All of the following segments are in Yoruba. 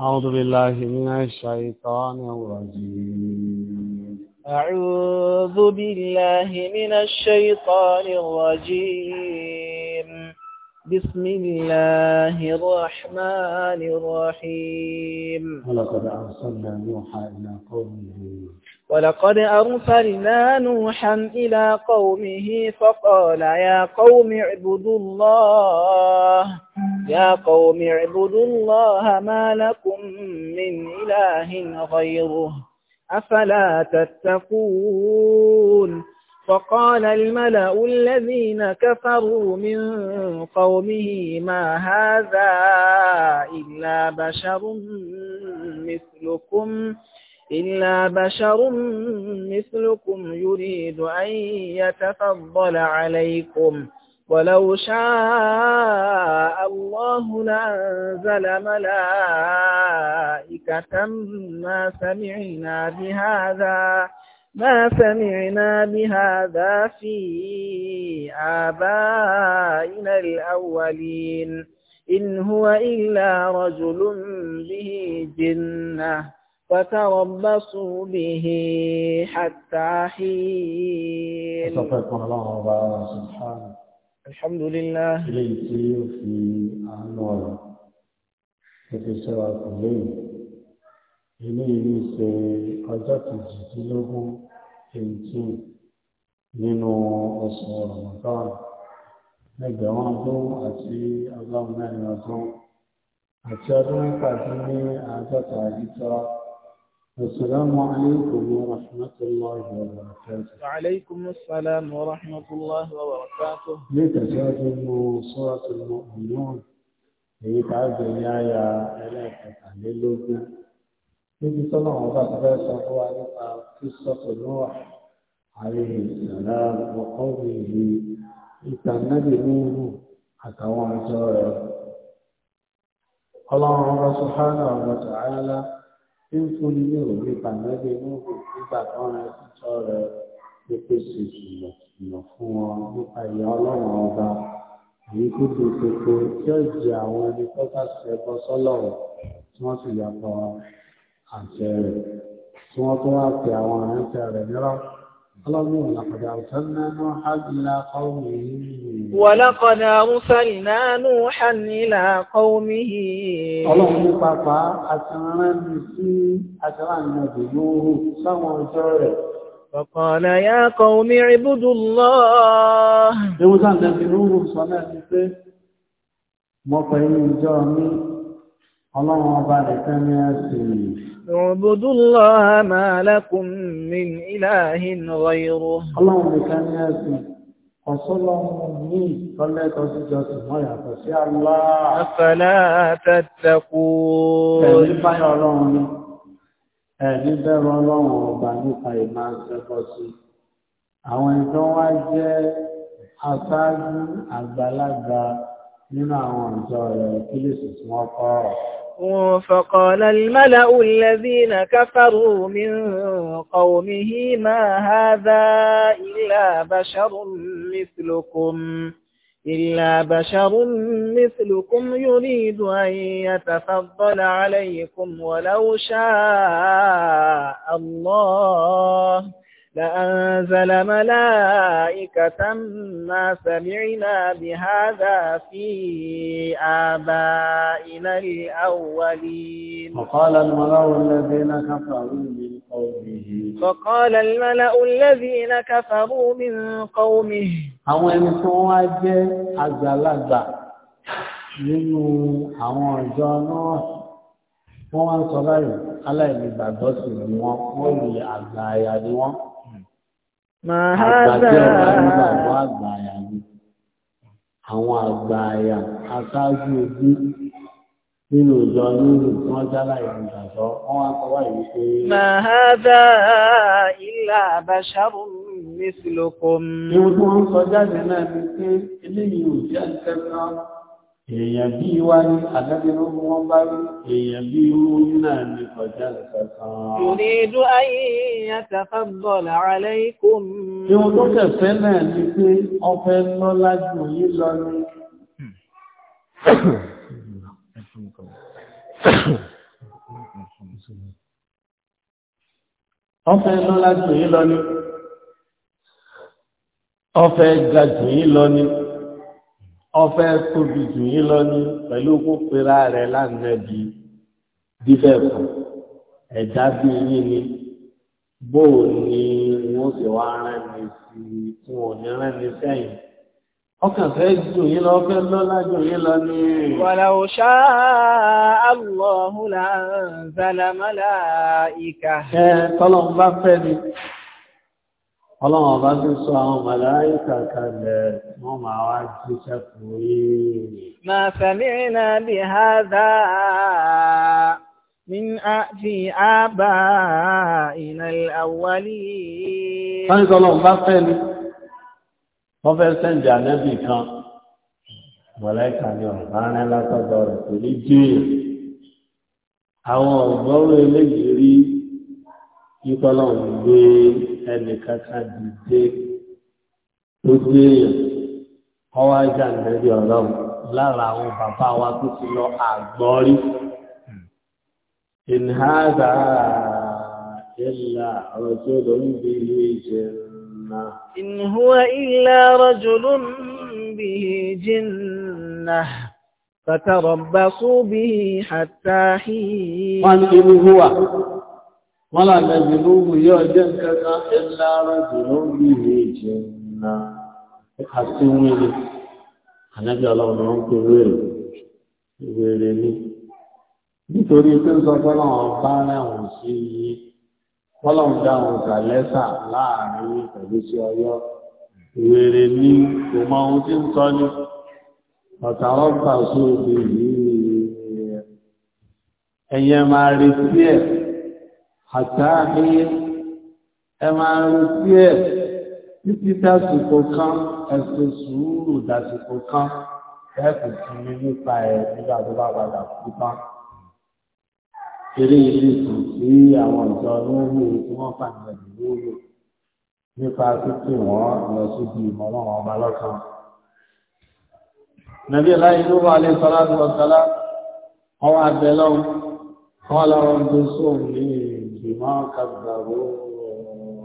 أعوذ بالله من الشيطان الرجيم أعوذ بالله من الشيطان الرجيم بسم الله الرحمن الرحيم ولقد أرسلنا نوحا إلى قومه ولقد أرسلنا نوحا إلى قومه فقال يا قوم اعبدوا الله يا قوم اعبدوا الله ما لكم من إله غيره أفلا تتقون فقال الملأ الذين كفروا من قومه ما هذا إلا بشر مثلكم إلا بشر مثلكم يريد أن يتفضل عليكم ولو شاء الله لأنزل ملائكة ما سمعنا بهذا ما سمعنا بهذا في آبائنا الأولين إن هو إلا رجل به جنة فتربصوا به حتى حين أصدقكم الله سبحانه الحمد لله إليتي في أعنوار في سواء كلين إليه سي قجات الجديله إنتين nínú ọ̀sán ọ̀rọ̀mọ̀tán ẹgbẹ̀rún ọdún àti ọgọ́rùn-ún mẹ́rin ọdún àti ọdún pàdé ní àádọ́ta ìtọ́ra السلام عليكم ورحمة الله وبركاته وعليكم السلام ورحمة الله وبركاته لتزاد صورة المؤمنون لتعد نهاية إلى فتح للوجن لكي طلع وضع بس أخوانك قصة نوح عليه السلام وقومه لتنبي نوح حتى وعزاره الله سبحانه وتعالى tí ń fún ní òwe ìbànújẹ́ inú nígbà tó ń rántí tọ́ rẹ pépé ṣe ìlọ ìlọ fún wọn nípa ìyá ọlọ́run ọba èyí tó di koko tí ó jẹ àwọn ẹni tó bá ṣe ẹbọ sọ́lọ́run tí wọ́n sì yàtọ̀ àṣẹ rẹ̀ tí wọ́n tún wá pe àwọn àrántí rẹ̀ nírọ̀. ولقد أرسلنا نوحا إلى قومه ọlọ́run ní pàpà àtàránì sí àtàránì àdìlóhù sáwọn ọjọ́ rẹ̀ فقال يا قوم اعبدوا الله Ewu sáà lẹ́bí lóòrùn sọ náà ní pé mọ́pàá inú ìjọ mi ọlọ́run ọba nìkan ní ẹ̀sìn Ìrùbùdú lọ́ha máa lẹ́kùn min ìláhìn ọ̀rọ̀ Ọlọ́run nìkan ní ẹ̀sìn, ọ̀sọ́lọ́run ní ìtọ́lẹ́tọ́ sí jọsìn wọ́n yàtọ̀ sí Allah. Afẹ́lá tẹ́tẹ́kù. Ẹ̀mí báyọ̀ ọlọ́run ní, ẹ̀mí bẹ̀rọ ọlọ́run ọba nípa ìmá ṣẹ́kọ́ sí. Àwọn ìtọ́ wá jẹ́ aṣáájú àgbàlagbà nínú àwọn ìjọ rẹ̀ kílìsì tí wọ́n kọ́ ọ̀rọ̀. فقال الملأ الذين كفروا من قومه ما هذا إلا بشر مثلكم إلا بشر مثلكم يريد أن يتفضل عليكم ولو شاء الله لأنزل ملائكة ما سمعنا بهذا في آبائنا الأولين فقال الملأ الذين كفروا من قومه فقال الملأ الذين كفروا من قومه àwọn ẹni tó wá jẹ́ àgbàlagbà nínú àwọn ọjọ́ náà wọ́n wá ń sọ báyìí aláìlú gbàgbọ́ ni wọ́n ni wọ́n Màá àgbàjọ́ ìgbàgbà wà àgbàyà ni. Àwọn àgbàyà aṣáájú ojú nínú ìjọ lórí tí wọ́n jálá ìrìnàjò wọ́n wá sọ wáyé wípé. Màá dá ilà àbáṣárù ní sílòkò. Ìwọ̀n tí wọ́n sọ jáde náà ni pé eléyìí ò èèyàn bí wá ní àdábìnú wọn bá rí èèyàn bí oyún náà ní ọjà kankan. Ìrìnàjò ayé ni ọfẹ́ lọ́lá jù yí lọ ní. Ọfẹ́ lọ́lá jù yí lọ ní. Ọfẹ́ ga jù yí lọ ní ọfẹ́ tóbi jù yín lọ ní pẹ̀lú kó pera rẹ̀ lánàá di bíbẹ̀ fún ẹ̀dá bí yín ni bóò ni wọ́n sì wá rẹ́ni sí tí wọ́n ní rẹ́ni ọkàn fẹ́ jù yín lọ fẹ́ lọ́lá jù yín lọ ní. wàláwò ṣá àlọ́hùn là ń zàlámàlà ìkà. ẹ tọ́lọ́ ń bá fẹ́ ni ọlọ́run ọba tó sọ àwọn màláìkà kalẹ̀ wọ́n máa wá jíṣẹ́ fún yìí. ma sami'na bi hadha min fi aba'ina al-awwalin. wọ́n ní sọ́lọ́run bá fẹ́ ni wọ́n fẹ́ sẹ́ǹdì ànẹ́bì kan màláìkà ni ọ̀gá rẹ̀ látọ̀dọ̀ rẹ̀ kò ní jíìyà àwọn ọ̀gbọ́n eléyìí rí kíkọ́ náà gbé ẹnìkan ká dìde lójú èèyàn wọ́n wá jà nẹ́bí ọlọ́run lára àwọn bàbá wa tó ti lọ àgbọ́rí in hadha illa rajulun bihi jinna in huwa illa rajulun bihi jinna fatarabbasu bihi hatta hin wọ́n ní in huwa wọ́n lànàbì ló wù yọ jẹ́ nǹkankan ẹ̀lá rọ̀jù ló wù yìí ìjẹ́ na àti wíìlì ànábì ọlọ́run ló ń pè wéèrè wéèrè ní nítorí pé ń sọ fọlọ́run bá rẹ̀wọ̀n sí iye fọlọ́run dáhùn sàlẹ́sà láàrin pẹ̀lú sí ọyọ́ wéèrè ní kò mọ ohun tí ń sọ ní ọ̀tà ọgbà sóògbé yìí ẹ̀yẹ máa retí ẹ̀ àtàrí ẹ máa retí ẹ̀ títí dásìkò kan ẹ sùúrù dásìkò kan ẹ kò sí mi nípa ẹ̀ nígbà tó bá padà kú tán. Eré ilé sùn sí àwọn ìjọ lóhùn tí wọ́n pàdé lóhùn nípa títí wọ́n lọ síbi ìmọ̀ ọba lọ́kàn. Nàbí aláyé ló wà lè sọ́lá lọ́sọ́lá, ọwọ́ abẹ lọ́wọ́, tó sóhùn ní بما كذبون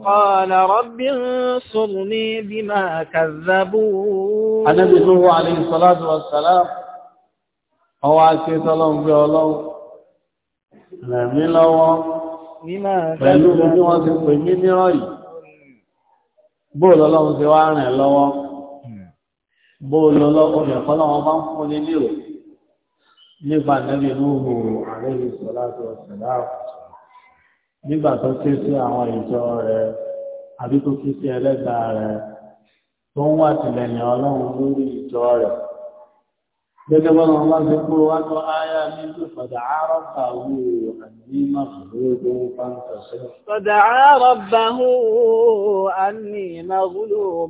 قال رب انصرني بما كذبون النبي صلى الله عليه الصلاة والسلام هو عكي صلى الله عليه وسلم pẹ̀lú bí wọ́n ti pè mí nírọ̀ yìí bóò lọ́lọ́run ti wá rìn lọ́wọ́ bóò lọ́lọ́run ẹ̀kọ́ lọ́wọ́ bá ń fún ní nírò nípa nẹ́bí inú òhùrù àrẹ́lẹ̀ ìṣọ́lá nígbà tó ké sí àwọn ìjọ rẹ̀ àbí tó ké sí ẹlẹ́dàá rẹ̀ tó ń wà tìlẹ̀yìn ọlọ́run lórí ìjọ rẹ̀ gẹ́gẹ́ bọ́lá wọn bá ti kúrò wá tó áyá ní tó fọ̀dà àárọ̀bà wù àní màgúlógó fáńtàṣẹ́. fọ̀dà àárọ̀bà wù àní màgúlógó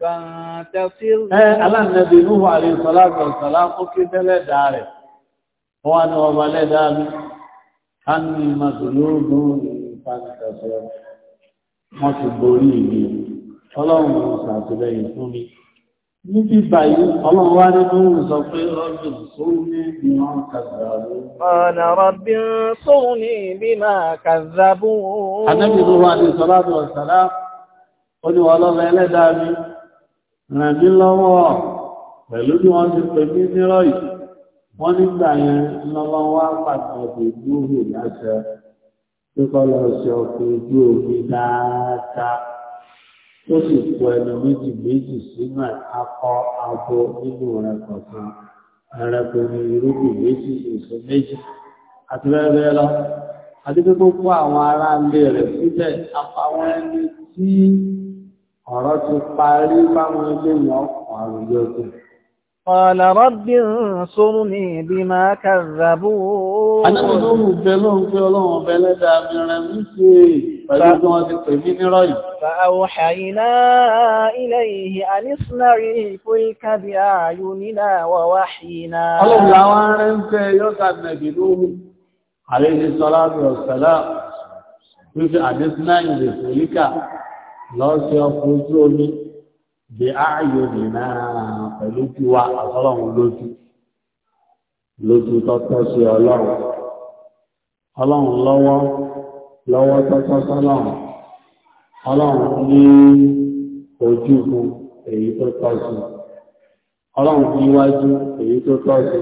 fáńtàṣẹ́. ẹ aláǹdẹ̀bí inú wà ní sọlá sọ̀sọ̀lá kí tẹ́lẹ̀ dáa rẹ̀ wọ́n á ní ọba ánì màsùlùmù ìfàǹtàṣẹ wọn ti borí mi ọlọ́run ò ṣàtìlẹ́yìn fún mi níbi báyìí ọlọ́run wá ní mọ́rún sọ pé rọ́bì sóúnì bí wọ́n kàzàbù ọ̀nà rọ́bì sóúnì bí máa kàzàbù adẹ́bìnrin wa ní sọ́látù ọ̀sàlá ó ní wọ́n lọ́wọ́ ẹlẹ́dàá mi ràn mí lọ́wọ́ pẹ̀lú bí wọ́n ti pè mí nírọ̀ yìí wọ́n nígbà yẹn lọ́wọ́ wá pàtàkì gbúrú láṣẹ kíkọ́ lọ sí ọkọ̀ ojú omi dáadáa tó sì kó ẹnu méjì méjì sínú akọ abo nínú rẹ̀ kọ̀ọ̀kan ẹranko ní irúgbìn méjì èso méjì àti bẹ́ẹ̀ bẹ́ẹ̀ lọ àti pé kókó àwọn ará ilé rẹ̀ síbẹ̀ àpàwọn ẹni tí ọ̀rọ̀ ti parí báwọn ilé yẹn ọkọ̀ àrùn yọkùn. قال رب انصرني بما كذبون انا اظن بلون بلون بلدا برمسي فأوحينا إليه أن اصنع الفلك بأعيننا ووحينا الله يوان انت يوسع النبي عليه الصلاة والسلام يوسع أن اصنع الفلك لا سيقول bí ààyò nìna pẹ̀lú kí wa àtọ́lọ́run lójú lójú tọ́tọ́ sí ọlọ́run ọlọ́run lọ́wọ́ lọ́wọ́ tọ́tọ́ sọ́lọ́run ọlọ́run ní ojú fún èyí tó tọ́ sí ọlọ́run ní iwájú èyí tó tọ́ sí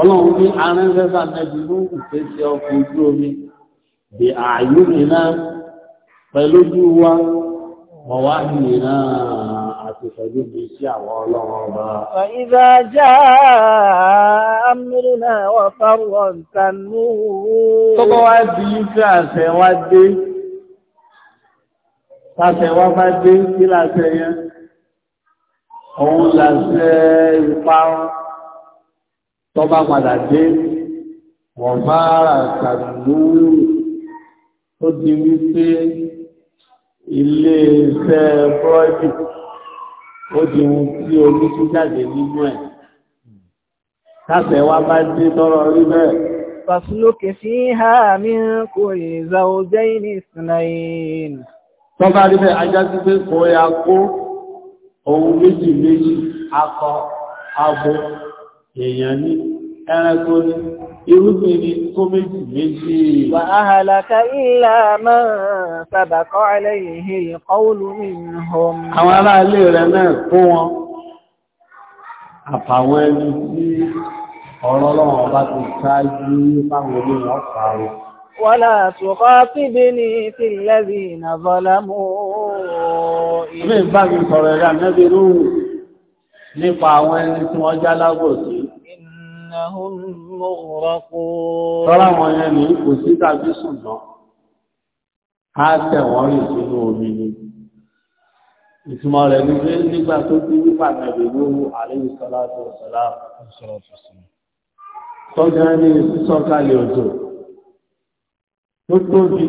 ọlọ́run ní arẹ́fẹ́fà nẹ́bí ló ń pè sí ọkọ̀ ojú omi bí ààyò nìna pẹ̀lú kí wa Mọ̀wáàdìnà àti pẹ̀lú bí sí àwọn ọlọ́run ọba. Ìgbà já àmìrìnà wà fáwọ̀ ìtànú. Tọ́kọ́ wá di ìfẹ́ àṣẹ wá dé. Tàṣẹ wá bá dé kí láṣẹ yẹn. Òun làṣẹ ìparun. Tọ́bá padà dé. Wọ̀n bá àṣàdúró. Ó di wípé ilé iṣẹ́ bọ́ọ̀dì ó di ohun tí omi tún jáde nínú ẹ̀ káfẹ́ wá bá dé tọrọ rí bẹ́ẹ̀. Fàṣlókè sí ha mi kò lè za ọjọ́ ìní ìsìnlẹ̀yìn. Tọ́ba rí bẹ́ẹ̀ ajá sí pé kò yá kó ohun méjì méjì akọ abo èèyàn ní ẹranko ní irúgbìn ni kó méjì méjì. Wà á halaka illa man sabaqa alayhi alqawlu minhum. Àwọn ará ilé rẹ̀ náà fún wọn, àfàwọn ẹni tí ọ̀rọ̀ lọ́wọ́ bá ti ṣáájú báwọn olóyìn ọ̀pàá Wọ́lá àtùkọ́ tí ní ti lẹ́bí bọ́lámú ìlú. Ilé mi sọ̀rọ̀ ẹ̀rẹ́ àmẹ́bí rúrù nípa àwọn ẹni tí wọ́n já lágbòsí innahum mughraqun. Tọ́lá wọn yẹn ní kò sí tàbí ṣùgbọ́n, a tẹ̀ wọ́n rìn sínú omi ni. Ìtumọ̀ rẹ̀ ní pé nígbà tó ti wí pàtàkì lóru alayhi salatu wa salam. Tọ́jà ní sísọ́kalẹ̀ òjò tó tóbi.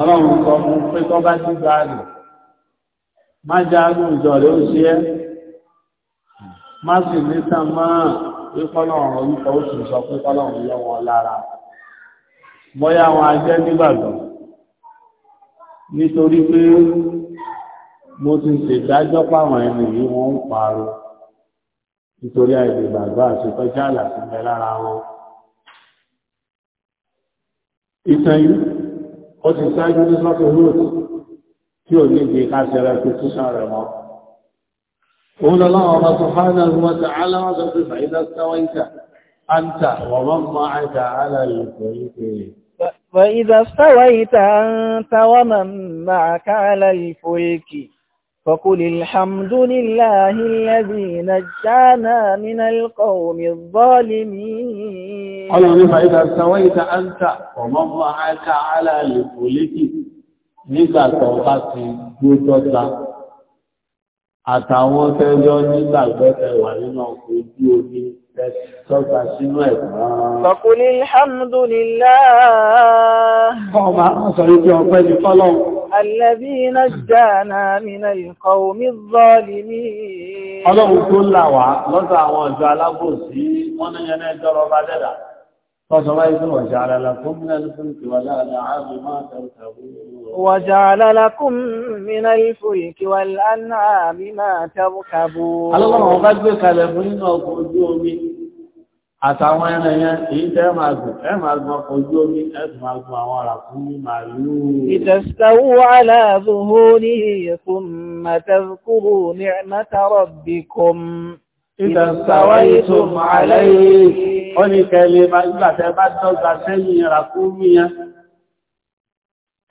Ọlọ́run sọ fún pé tọ́ ti gbáàlì, má jáàrú má sì ní sánmà pípọ́nà ọ̀rọ̀ nípa oṣù sọ pé kọ́lọ̀run yọ wọn lára bóyá wọn ajẹ́ nígbàgbọ́ nítorí pé mo ti ṣèdájọ́ páwọn ẹni yìí wọ́n ń parọ́ nítorí àìdìgbàgbọ́ àti kọjá àlàsí bẹ lára wọn ìtàn yìí ó ti ṣáájú ní sọ́tò lóòtù tí ò ní di ká fi túṣàn rẹ̀ mọ́ قول الله سبحانه وتعالى فإذا استويت أنت ومن معك على الفلك فإذا استويت أنت ومن معك على الفلك فقل الحمد لله الذي نجانا من القوم الظالمين قالوا فإذا استويت أنت ومن معك على الفلك nígbà tó جوتوتا àtàwọn tẹ́jọ́ nígbàgbọ́ ẹwà nínú ọkọ̀ ojú omi tọ́gbà sínú ẹ̀kọ́. Sọ̀kúlì alhamdulillah. Kọ́ máa ń sọ ibi ọpẹ́ ní fọ́lọ́n. Àlẹ́bí iná jàánà mìnà ìkọ̀ omi zọ́ọ̀lì ní. Ọlọ́run tó là wá lọ́sọ̀ àwọn ọ̀dọ́ alábòsí wọ́n ní yẹn ẹjọ́ rọba dẹ́dà. Tọ́sọ̀ wáyé tó wọ̀ وجعل لكم من الفلك والأنعام ما تركبون الله قد كلفين وقجومي àtàwọn ẹran yẹn èyí tẹ́ máa gùn ẹ máa gbọ́n ojú omi ẹ sì máa gùn àwọn ará fún mi máa lú. ìtẹ̀síwò aláàbòhó ní ìyẹ̀kùn mẹ́tẹ́kúrò ní mẹ́tàrọ̀ bí kọ́m.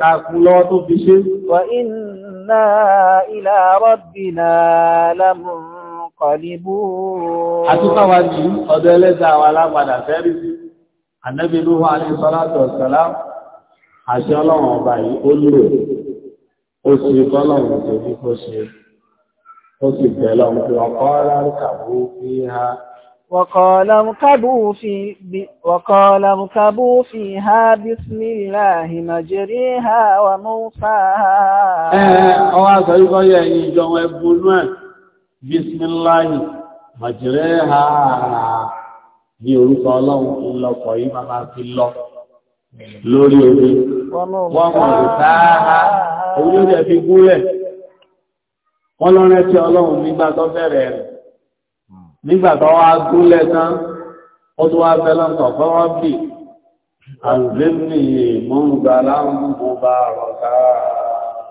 Tàkùn lọ tó fi ṣe. Wa inna ila rabbina lamunqalibun. Àtúkọ̀wà ní ọ̀dọ̀ ẹlẹ́dàá wa lápadà fẹ́rí sí. Ànábì Nuhu alayhi salatu wassalam. Àṣẹ ọlọ́run ọba yìí ó lò. Ó sì kọ́lọ́run tó ní kó ṣe. Ó sì bẹ̀lọ́run pé ọkọ̀ rárá kàwó fi ha. وقال اركبوا في ب... وقال اركبوا فيها بسم الله مجريها ومرساها اوا سيقول يا جون ابونوا بسم الله مجريها bí orúkọ ọlọ́run tó lọ pọ̀ yí máa máa fi lọ lórí omi wọ́n mọ̀ sáà orí ó jẹ́ fi gúnlẹ̀ wọ́n lọ́rẹ́ tí ọlọ́run nígbà tó fẹ́rẹ̀ rẹ̀ nígbà tó wá gúnlẹ̀ tán ó tó wá fẹ́ lọ́tọ̀ fẹ́ wọ́n bì àlùbẹ́mì mọ́ngbàlá mú bá rọ̀ká.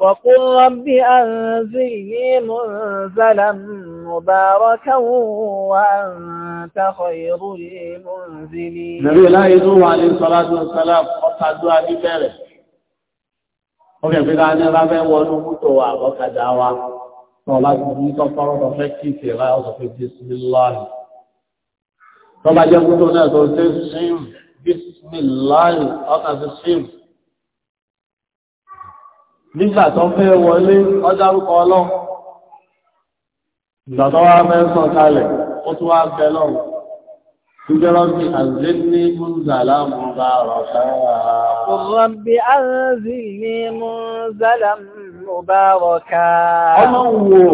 وقل رب أنزلني منزلا مباركا وأنت خير المنزلين نبي الله يزوم عليه الصلاة والسلام وقد دعا ببره ọkẹ̀ fi ká ní rábẹ́ wọnú mútò wà àbọ́kàdá wa tọ́lá ní tọ́pọ́rọ́ tó fẹ́ kí ìfẹ́ láyé ọ̀sọ̀ pé bísmíláì tọ́lá jẹ́ kútó náà tó ṣe ṣím bísmíláì ọ̀tà sí ṣím nígbà tó fẹ́ wọlé ọjárúkọ ọlọ́run ìgbà tó wá fẹ́ sọ kalẹ̀ ó tún wá bẹ lọ́run Fújọ́rọ́bí àzíní múnzàlá múbárọ̀ká. Rọ̀bí àzíní múnzàlá múbárọ̀ká. Ọlọ́wò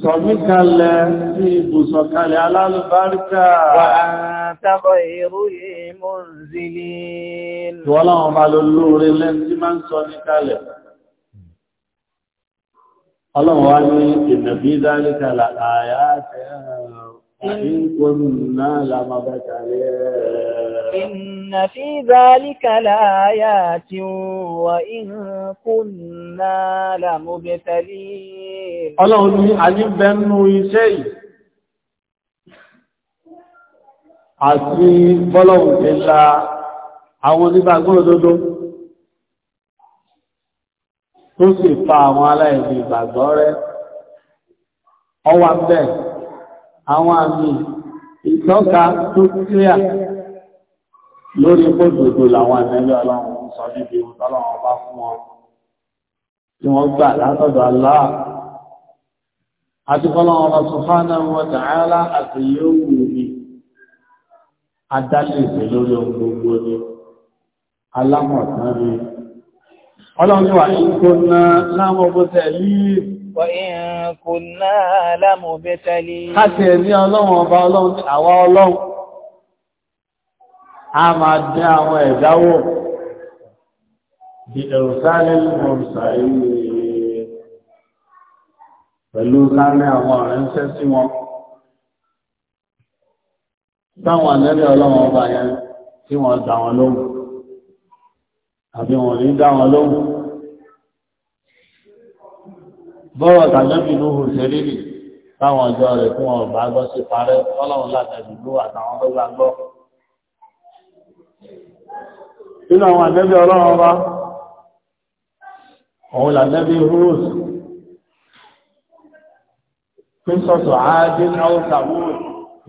sọ̀mí kalẹ̀ sí ibùsọ̀ kalẹ̀ alálùbáríkà. Wà tàbọ̀ èrú ìmúnzìlì. Tọ́lọ́wọ́n bá lọ lóore lẹ́ntí máa ń sọ ní kalẹ̀. Ọlọ́wọ́n wá ní ìnàbí dáríkà là àyà tẹ́rẹ̀. إن كنا لمبتلين إن في ذلك لآيات وإن كنا لمبتلين Ọlọ́run ní àyíbẹ̀nú iṣẹ́ yìí àti bọ́lọ̀wù ti la àwọn onígbàgbọ́n òdodo tó sì fa àwọn aláìsí ìgbàgbọ́ rẹ̀ ọwà bẹ́ẹ̀ àwọn àmì ìtọ́ka tó kíríà lórí gbogbo làwọn ẹ̀mẹ́lẹ́ ọlọ́run sọ níbi ìwòtọ́lọ́run bá fún wọn tí wọ́n gbà látọ̀dọ̀ Allah àti kọ́lọ́run lọ subhanahu wa ta'ala àti yóò wù mí adálèsè lórí ohun Káti ẹ̀mí ọlọ́run ọba ọlọ́run àwa ọlọ́run, a máa dín àwọn ẹ̀dáwò bí ẹ̀rùsálẹ̀ mọ̀rùsà ilé pẹ̀lú láàrin àwọn ọ̀rẹ́ńṣẹ́ sí wọn. Táwọn ànẹ́lẹ̀ ọlọ́run ọba yẹn tí wọ́n dá wọn lóhùn, àbí wọ́n ní dá wọn lóhùn bọ́rọ̀ tàbí lóhù sẹ́lẹ̀lì táwọn ọjọ́ rẹ̀ fún ọ̀bá gbọ́ sí parẹ́ ọlọ́run látàbí ló àtàwọn tó gbàgbọ́. nínú àwọn ànẹ́bí ọlọ́run bá òun lànẹ́bí húrùs pínsọ̀tọ̀ ààdé náà sàmúrù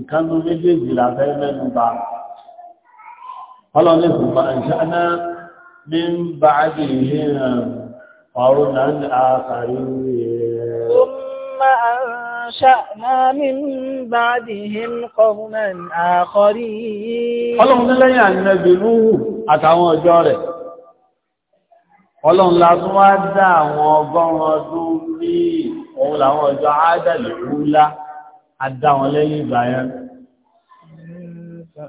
ìkánú méjèèjì làfẹ́ mẹ́nu bá ọlọ́run lè fún ìṣáná ní bá àdìrí ọ̀rùn náà ní ثم أنشأنا من بعدهم قوما آخرين ọlọ́run lẹ́yìn ànábì Núhù àtàwọn ọjọ́ rẹ̀ ọlọ́run la tún wá dá àwọn ọgọ́rùn ọdún ní òun làwọn ọjọ́ àádàlẹ̀kúlá àdáwọn lẹ́yìn ìbáyán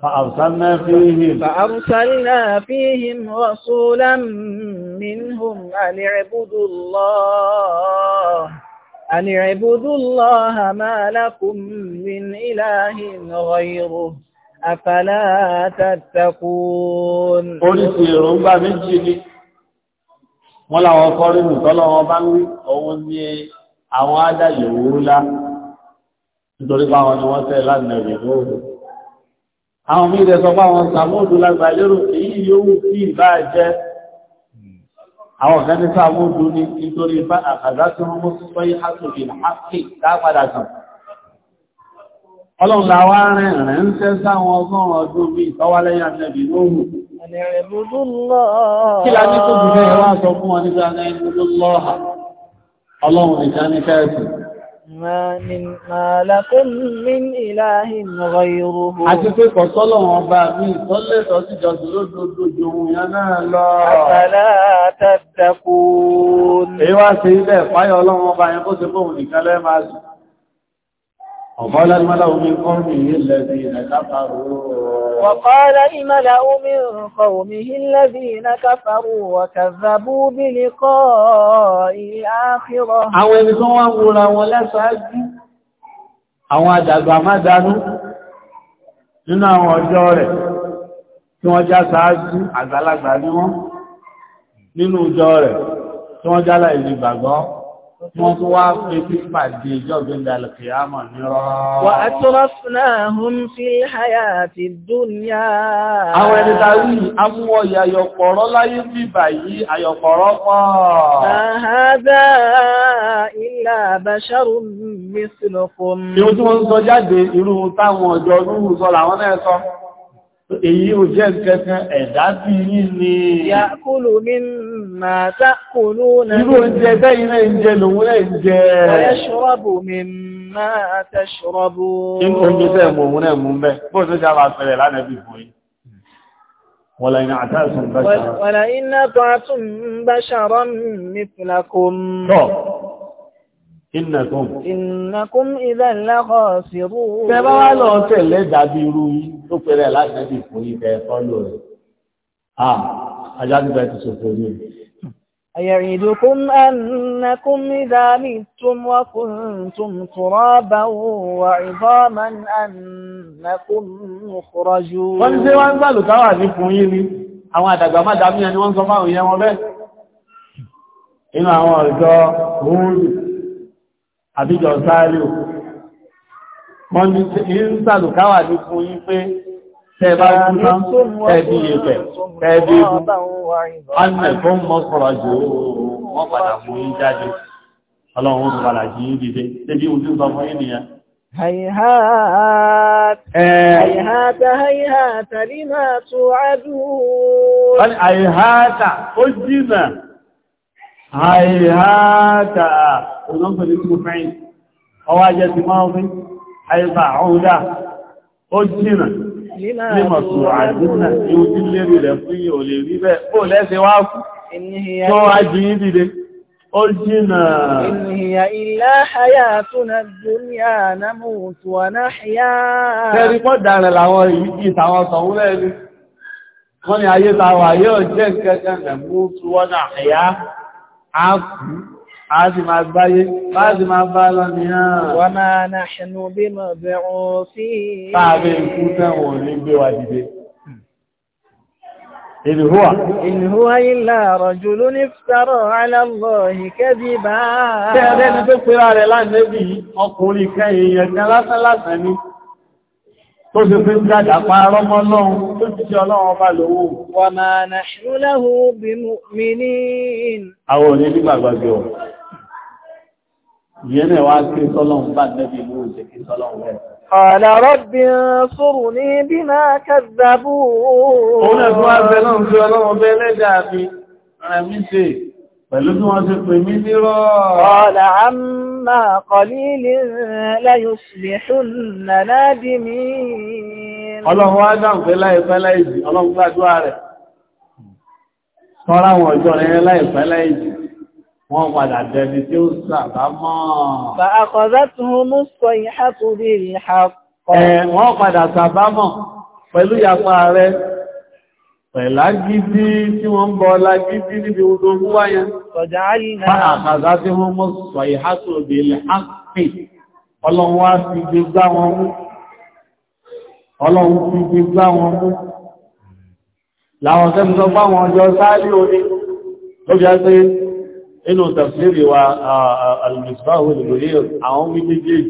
فأرسلنا فيهم فأرسلنا فيهم رسولا منهم أن اعبدوا الله أن اعبدوا الله ما لكم من إله غيره أفلا تتقون oríṣi èròǹgbà méjì ni wọ́n láwọn kọrí nìtọ́lọ́ wọn bá ń wí òun ni wọ́n tẹ́ lánàá ìrìnlẹ̀ òòrùn àwọn míì rẹ̀ sọ pé àwọn sàmóòdù lágbàá lérò èyí yóò kí ìbá jẹ́ àwọn ọ̀gá nípa àwọ́dú ní nítorí bá àkàzá tí wọ́n mú sọ ìhàtò ìlàáfì dápadà sàn. ọlọ́run láwá rẹ̀ ń tẹ́ sáwọn ọgọ́rùn ọdún bí nẹ́bì ما من ما من إله غيره àti pé kò sọ́lọ́run ọba mi tọ́lẹ̀ tọ́ sí jọ lódodo jòun yẹn náà lọ àtàlá tàtàkùn èyí wá sí ilẹ̀ fáyọ̀ ọlọ́run ọba yẹn kó ṣe fóun nìkan lẹ́ẹ̀ وقال الملأ من قومه الذين كفروا وقال الملأ من قومه الذين كفروا وكذبوا بلقاء الآخرة àwọn ẹni tó wá wúra wọn lẹ́sàájú àwọn àdàgbà má dánú nínú àwọn ọjọ́ rẹ̀ tí wọ́n já sáájú àgbàlagbà ní wọ́n nínú ọjọ́ rẹ̀ tí wọ́n jálà ìlú ìgbàgbọ́ wọ́n tó wá fi pípà di ìjọ́gbìn dalẹ̀ kìyàmọ̀ ní rọ́rọ́. Wà á tó rọ́fúnà hún fi háyà ti dúnyà. Àwọn ẹni darí amúwọ̀ yà láyé bí báyìí àyọ̀pọ̀rọ̀ pọ̀. Àhádá ilà àbáṣárù mi sínú Ìwọ́n tí wọ́n sọ jáde irú táwọn ọjọ́ Èyí ò jẹ́ kẹkàn ẹ̀dá bí yí ni. Yà kúlù ní máa tá kúlù náà. Irú oúnjẹ bẹ́yìn náà ń jẹ lòun náà ń jẹ. Ọ̀yẹ́ ṣọ́rọ̀bù mi máa tẹ́ ṣọ́rọ̀bù. Inú oúnjẹ tẹ́ Ìnàkùn. Ìnàkùn ìdá ńlákọ̀ sírú. Tẹ bá wá lọ tẹ̀lé dàbí irú yìí tó pẹ̀lú ẹ̀ láti ẹ̀dì fún yìí kẹ́ ẹ̀kọ́ lò rẹ̀. ajá nígbà ti ṣòfò ní. Àyẹ̀rìndùkún ẹnàkùn ìdá mi tún wá tún tùrọ̀ bá wà ìbọ́mọ ẹnàkùn kúrọ̀ jù. Wọ́n ti ṣe wá ń gbàlùkà ní fún yín ni àwọn àdàgbà má dàmí ẹni wọ́n sọ fáwọn ìyẹn wọn bẹ́ẹ̀. Inú àwọn ọ̀dọ́ òun àbíjọ sáré o wọ́n ní ìrìnsàlùkáwà ní fún yín pé tẹ́ẹ̀bá kúná tẹ́ẹ̀bí ìpẹ̀ tẹ́ẹ̀bí ikú ánìyàn tó ń mọ́sọ̀rọ̀ jù wọ́n padà mú yín jáde ọlọ́run lima tu'adun. Hayhat, ó àìháàtà olóńgbèlú mú fẹ́yìn ọwá jẹ́ ti máa fi àìbà ọ̀dá ó jìnà nímọ̀tò àdúnà tí ó ti lérí rẹ̀ fún yíò lè rí bẹ́ẹ̀ ó lẹ́sẹ̀ wá kú tó wá jí ń dìde ó jìnà ìnìyà ilá àyà tó na àkú àti máa gbáyé láti máa bá lọ ní àà wọ́n máa náà ṣẹnu bí mọ̀ bẹ̀rún sí tààbí ikú tẹ́wọ̀n ní gbé wa dìde إن هو إن هو إلا رجل افترى على tó ṣe fi ń dájà pa ọmọ lọ́run tó ti ṣe ọlọ́run ọba lòwò. Wa ma nahnu lahu bi mu'minin. Àwọn òní ní gbàgbàgbà ọ̀. Ìyẹn náà wá kí sọ́lọ́run bá nẹ́bí ìlú òjè sọ́lọ́run عما قليل ليصبحن نادمين الله wá dáhùn pé láìpẹ́ láìjì ọlọ́run gbàdúrà rẹ̀ sọ́rọ̀ àwọn ọjọ́ rẹ̀ láìpẹ́ láìjì wọ́n padà dẹni tí ó sàbá mọ́ فأخذتهم الصيحة بالحق ẹ̀ wọ́n padà sàbá mọ́ pẹ̀lú yàpá rẹ̀ pẹ̀lágídí tí wọ́n ń bọ lágídí níbi ọdún mú wáyé fáàkàzá tí wọ́n mọ́ sọ ìhásò ìbílẹ̀ ápì ọlọ́run wá fi gbígbá wọn mú ọlọ́run fi gbígbá wọn mú láwọn tẹ́ sọ bá wọn jọ sáàrí orí ló bí a pé inú tafsiri wa alìmìsíwáwò ìròyìn àwọn méjèèjì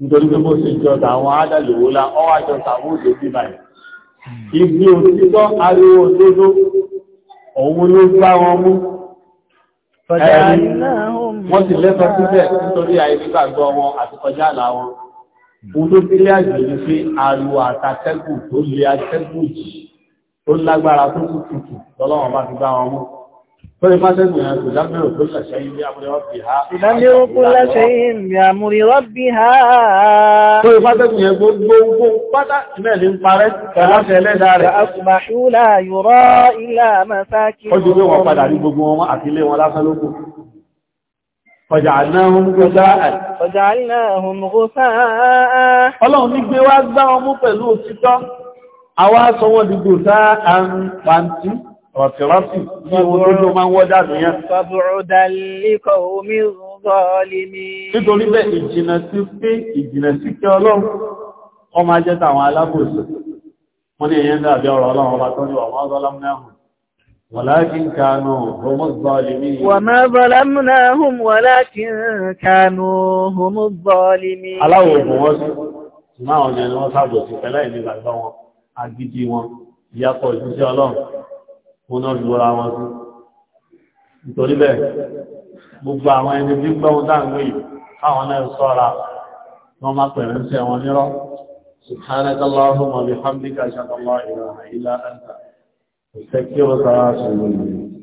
nítorí pé bó ṣe jọ tàwọn ádàlówó la ọwọ́ àjọ tàwọn òjò bí báyìí ibi òtítọ́ ariwo òdodo òun ló gbá wọn mú ẹ̀rí wọ́n sì lẹ́tọ́ síbẹ̀ nítorí àìrígbàgbọ́ wọn àti kọjá àlà wọn ohun tó sílé àjò ni pé ariwo àtàtẹ́gùn tó lé atẹ́gùn jì tó lágbára tó tútù lọ́lọ́wọ́n bá fi gbá wọn mú تدمر كل شيء بأمر ربها تدمر كل شيء بأمر ربها فأصبحوا لا يرى إلا مساكنهم Fọ̀jàánáhùn gọ́sáà. Fọ̀jàánáhùn gọ́sáà. Ọlọ́run ní gbé wá gbá ọmú pẹ̀lú òtítọ́, àwa sọ wọ́n di gọ́sáà àrùn pàǹtí. Ọ̀tìrọ́sì ní ojú ló máa ń wọ́dá nìyàn. Fàbùrùdàlíkọ̀ omi rọ̀lì ni. Nítorí bẹ́ ìjìnà sí pé ìjìnà sí kí ọlọ́run, ọ máa jẹ́ tàwọn alábòsù. Wọ́n ní èyẹ́ dàbí ọ̀rọ̀ ọlọ́run wọ́n sí, máa ọ̀nà ni wọ́n sábò òun náà lura wọn sí nítorí bẹ́ẹ̀ gbogbo àwọn ẹni tí gbọ́hun dáńgbé yìí káwọn náà sọ́ra wọ́n má pẹ̀lú ń sẹ́ nírọ́ سبحانك اللهم وبحمدك اشهد ان لا اله الا انت استغفرك واتوب اليك